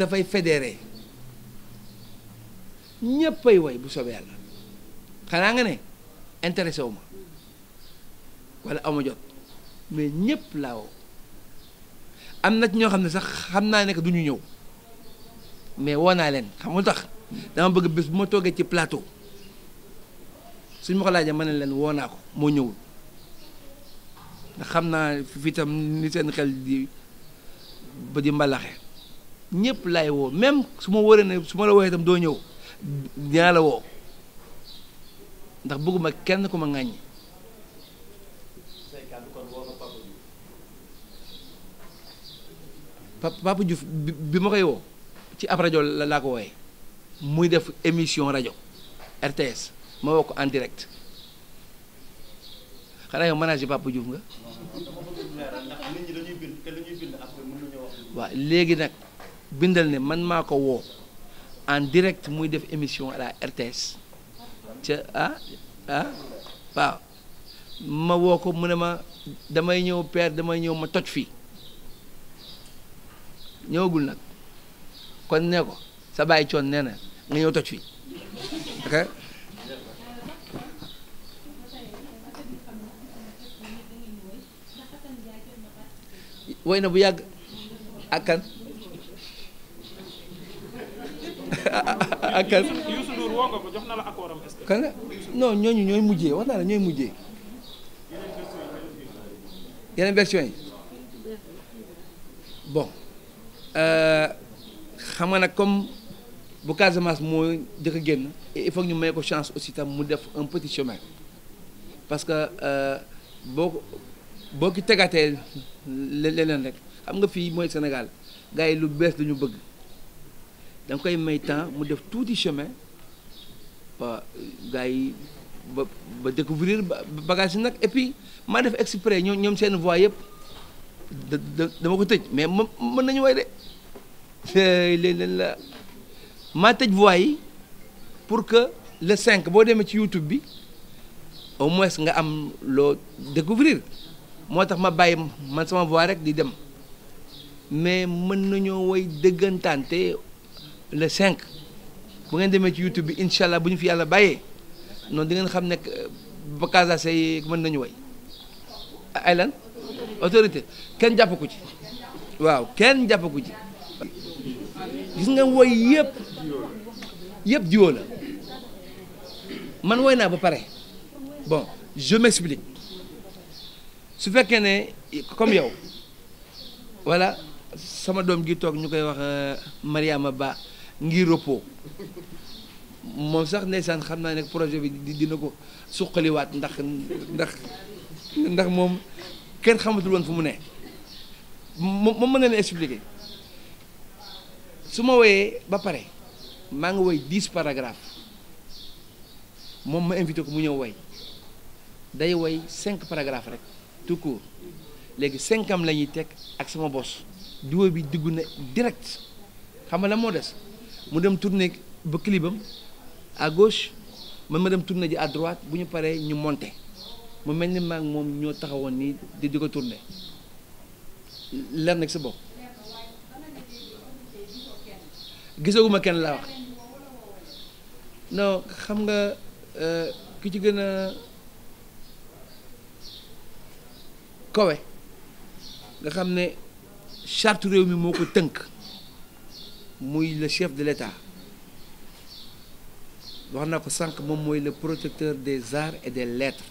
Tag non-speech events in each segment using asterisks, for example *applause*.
dafay fédéré ñéppay woy bu soobee yàlla xanaa nga ne intéressé wu ma wala amu jot mais ñépp laa woo am na ci ñoo xam ne sax xam naa ne du ñu ñëw mais woo naa leen xamul tax dama bëgg bés bu ma toggee ci plateau suñ ma ko laajee ma ne leen woo naa ko moo ñëwul ndax xam naa fi tam ni seen xel di ba di mbalaxe ñëpp laay woo même su ma wëree ne su ma la wooyee doo ñëw dinaa la woo ndax bëgguma kenn ku ma ŋàññi Papa Diouf bi ma koy woo ci ab rajo la laa ko wooyee muy def émission rajo RTS ma woo ko en direct xanaa yow Papa Diouf nga. waaw léegi nag. bindal ne man maa ko woo en direct muy def émission à la RTS ca ah ah waaw ma woo ko mu ne ma damay ñëw père damay ñëw ma toj fii ñëwagul nag kon ne ko sa bàyyi coon nee na nga ñëw toj fii ok woy na bu yàgg ak *laughs* ak Youssou Ndour que kan non ñooñu ñooy mujjee wax naa la ñooy mujjee yeneen version yi bon euh, xam nga nag comme bu Casamance mooy jëkk a génn il faut ñu may ko chance aussi tam mu def un petit chemin parce que euh, boo boo ki tegatee leneen rek xam nga fii mooy Sénégal gars yi lu bees lañu bëgg da koy may temps mu def touti chemin ba gars yi ba ba découvrir bagage yi nag et puis maa def exprès ñoom ñoom seen voix yëpp dama ko tëj mais ma mën nañu way de léeg-léeg la maa tëj voix yi pour que le cinq boo demee ci YouTube bi au moins nga am loo découvrir moo tax ma bàyyi man sama voix rek di dem mais mën nañoo way dëggantaante le cinq bu ngeen demee ci YouTube bi incha allah bu ñu fi yàlla bàyyee noonu di ngeen xam ne euh, ba Casaase yi mën nañu woy ay lan autorité kenn jàpp ci waaw kenn jàpp ci gis nga woy yëpp yëpp jiwoo la man woy naa ba pare bon je m'explique su fekkee ne comme yow voilà sama doom gi toog ñu koy wax euh, Mariama Ba ngir repos moom sax ndeysaan xam naa ne projet bi dina ko suqaliwaat ndax ndax ndax moom kenn xamatul woon fu mu ne moom mën na leen expliquer su ma woyee ba pare maa ngi woy diis paragraphe moom ma invité ko mu ñëw woy day woy cinq paragraphe rek tout court léegi cinq am la ñuy teg ak sama bos duo bi diggu na direct xam nga la moo des mu dem tourner ba kilibam à gauche man ma dem tourner ji à bu ñu paree ñu monte mu mel ni maag moom ñoo taxawoon nii di di ko tourner leer nag sa bopp gisaguma kenn laa wax xam nga euh, ki ci gën a kowe nga xam ne charte réew mi moo ko tënk muy le chef de l'État wax na ko sànq moom mooy le protecteur des arts et des lettres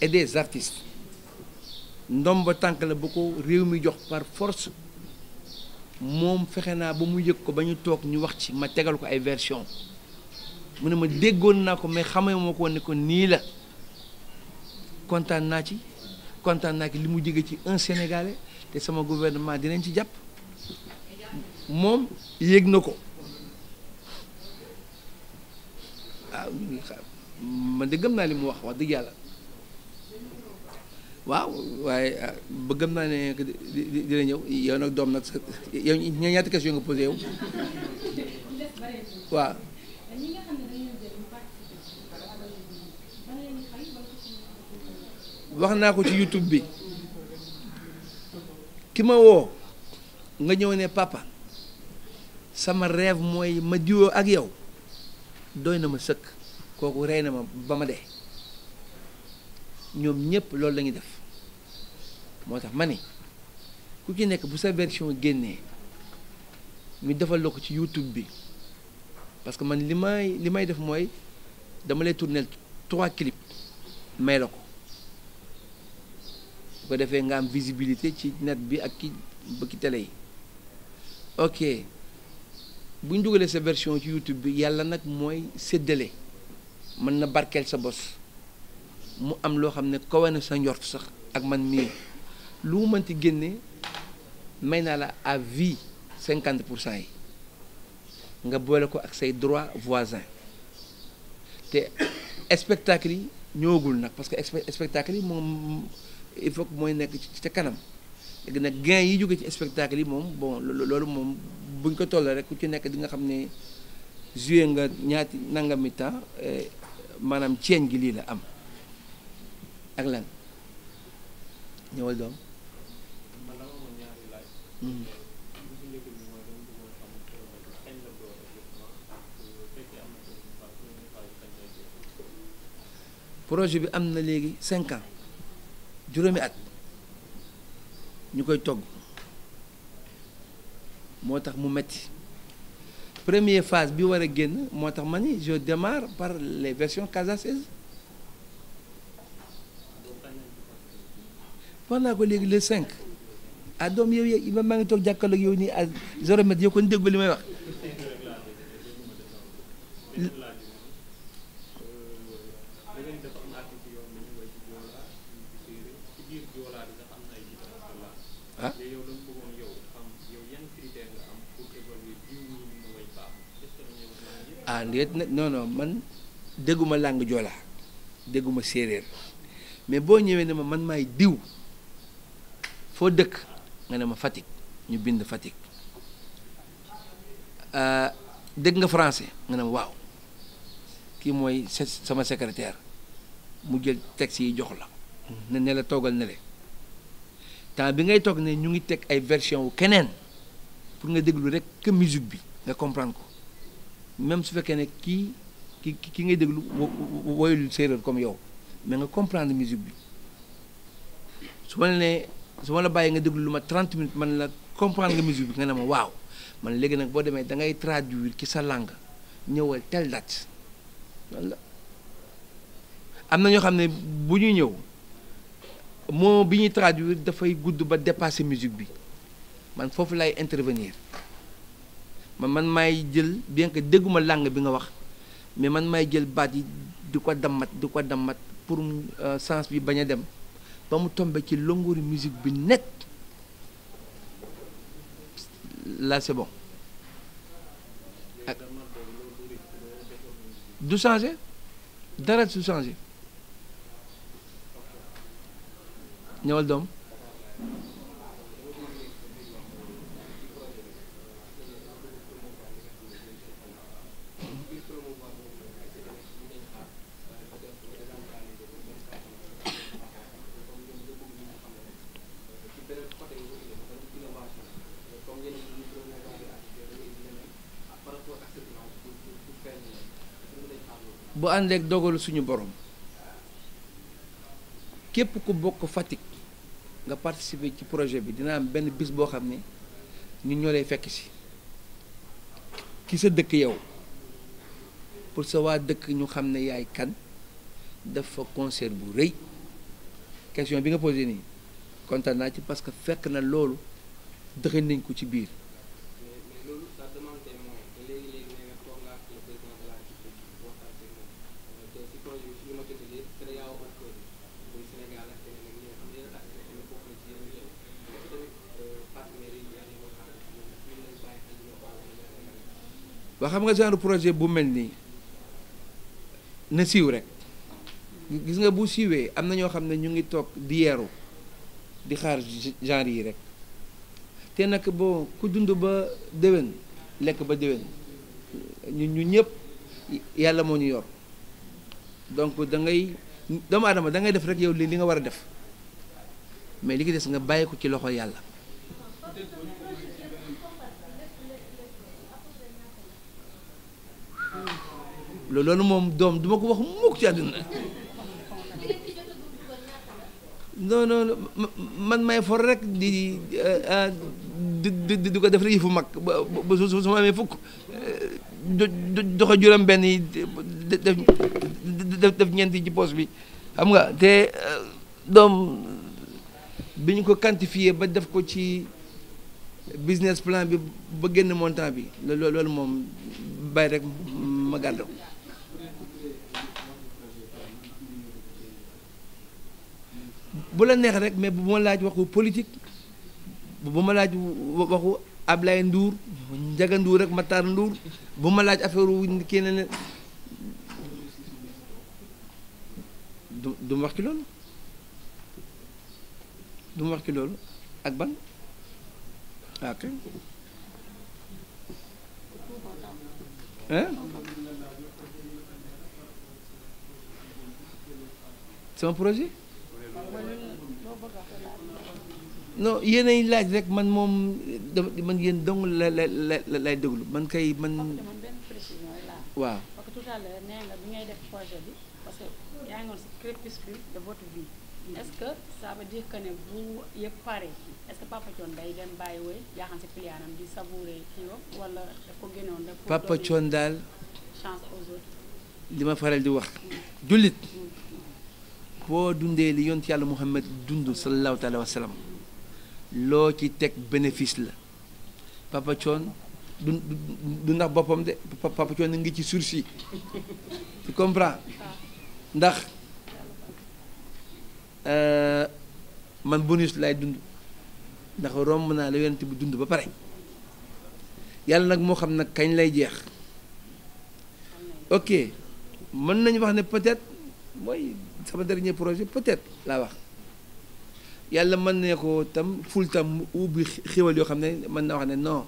et des artistes ndomba tànk la bu ko réew mi jox par force moom fexe naa ba mu yëg ko ba ñu toog ñu wax ci ma tegal ko ay version mu ne ma déggoon naa ko mais xamee moo ko ne ko nii la kontaan naa ci kontaan naa ci li mu jóge ci un Sénégalais te sama gouvernement dinañ ci jàpp moom yéeg na ko ah, man de gëm naa li mu wax wax dëgg yàlla waaw waaye ah, ba gëm naa ne dina ñëw yow nag doom nag sa yow ñaata question nga posé yow waaw wax naa ko ci YouTube bi ki ma woo nga ñëw ne papa sama rêve mooy ma diwoo ak yow doy na ma sëkk kooku rey na ma ba ma de ñoom ñépp loolu lañuy def moo tax ma ni ku ki nekk bu sa version génnee ñu defal la ko ci YouTube bi parce que man li may li may def mooy dama lay tourner trois clips may la ko bu ko defee nga am visibilité ci net bi ak ki ba ci télé yi ok buñ ñu sa version ci YouTube bi yàlla nag mooy séddale mën na barkeel sa bos mu am loo xam ne kawe na sa njort sax ak man mii lu mu mënti génne may naa la à vie cinquante pour cent yi nga boole ko ak say droit voisin te spectacle yi ñëwagul nag parce que spectacle yi moom il faut mooy nekk ci ca kanam léegi nag gain yi jóge ci spectacle yi moom bon loolu moom. buñ ko tollee rek ku ci nekk dinga xam ne joué nga ñaati nangami temps eh, maanaam ceeñ gi lii la am ak lan ñëwal doom. projet bi am na léegi cinq ans juróomi at ñu koy togg. moo tax mu metti premier phase bi war a génn moo tax ma ni je démarre par les versions Casa 16 wax naa ko léegi le 5 ah doom yow yeeg maa ngi toog yow nii à zéro mètre yow kon déggu li may wax ah léegi nag non non man dégguma làng joola dégguma séeréer mais boo ñëwee ne ma man maay diw foo dëkk nga ne ma Fatick ñu bind Fatick ah, dégg nga français nga ne ma waaw kii mooy sama secrétaire mu jël texte yi jox la ne ne la toogal ne le temps bi ngay toog ne ñu ngi teg ay version wu keneen pour nga déglu rek que musique bi nga comprendre ko même su fekkee ne kii ki ki ngay déglu woyul séeréer comme yow mais nga comprendre musique bi su ma la nee su ma la bàyyi nga déglu lu ma 30 minutes man la comprendre nga musique bi nga ne ma waaw man léegi nag boo demee da ngay traduire ci sa langue ñëwal tel date am na ñoo xam ne bu ñuy ñëw moo bi ñuy traduire dafay gudd ba dépasser musique bi man foofu lay intervenir. ma man maay jël bien dégguma langue bi nga wax mais man maay jël baat yi di ko damat di ko dammat pour euh, sens bi bañ a dem ba mu tombe ci longoori musique bi net là c'est bon ak du changé dara du changé ñëwal doom bu ànd ak dogalu suñu borom képp ku bokk Fatick nga participer ci projet bi dina am benn bis boo xam ne ñu ñoo lay fekk si ki sa dëkk yow pour sa waa dëkk ñu xam ne yaay kan dafa concert bu rëy question bi nga posé nii kontaan naa ci parce que fekk na loolu dëxëñ nañ ko ci biir. waa xam nga genre projet bu mel ni na siiw rek gis nga bu siiwee am na ñoo xam ne ñu ngi toog di yeeru di xaar genre yi rek te nag boo ku dund ba déwén lekk ba déwén ñu ñu ñëpp yàlla moo ñu yor donc da ngay doomu aadama da ngay def rek yow li li nga war a def mais li ki des nga bàyyi ko ci loxo yàlla loolu moom doom duma ko wax mukk may for rek euh, euh, di di ko def rek yëfu mag ba su su ma amee fukk joxe euh, juróom benn yi def def ñeenti ci poos bi xam nga te euh, doom bi ñu ko quantifié ba def ko ci business plan bi ba génn montant bi loolu loolu moom bàyyi rek la neex rek mais bu ma laaj waxu politik bu ma laaj waxu Ablaye Ndour Ndiaga Ndour rek Matar nduur bu ma laaj affaire keneen du du mu wax ci loolu du mu wax ci loolu ak ban ah, ok sama projet non yéenay laaj rek man moom da man yéen dong la la la lay déglu man kay man waaw parce que tout à l'heure parce que yaa mm-hmm. ce que ça veut dire que ne bu yëpp pare est-ce que daal li ma faral di wax mm-hmm. jullit mm-hmm. boo dundee li yont yàlla Muhammad dund sallallahu taala loo ci teg bénéfice la Papa Thione du du ndax boppam de Papa Thione ngi ci sursi tu comprends ah. ndax euh, man bonus laay dund ndax romb naa la yonent bu dund ba pare yàlla nag moo xam nag kañ lay jeex ok mën nañu wax ne peut-être mooy sama dernier projet peut-être laa wax yàlla mën ne ko tam ful tam ubbi xéwal yoo xam ne mën na wax ne non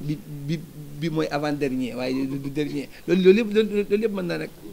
bi bi bi mooy avant dernier waaye du dernier loolu loolu yëpp loolu yëpp mën naa nekk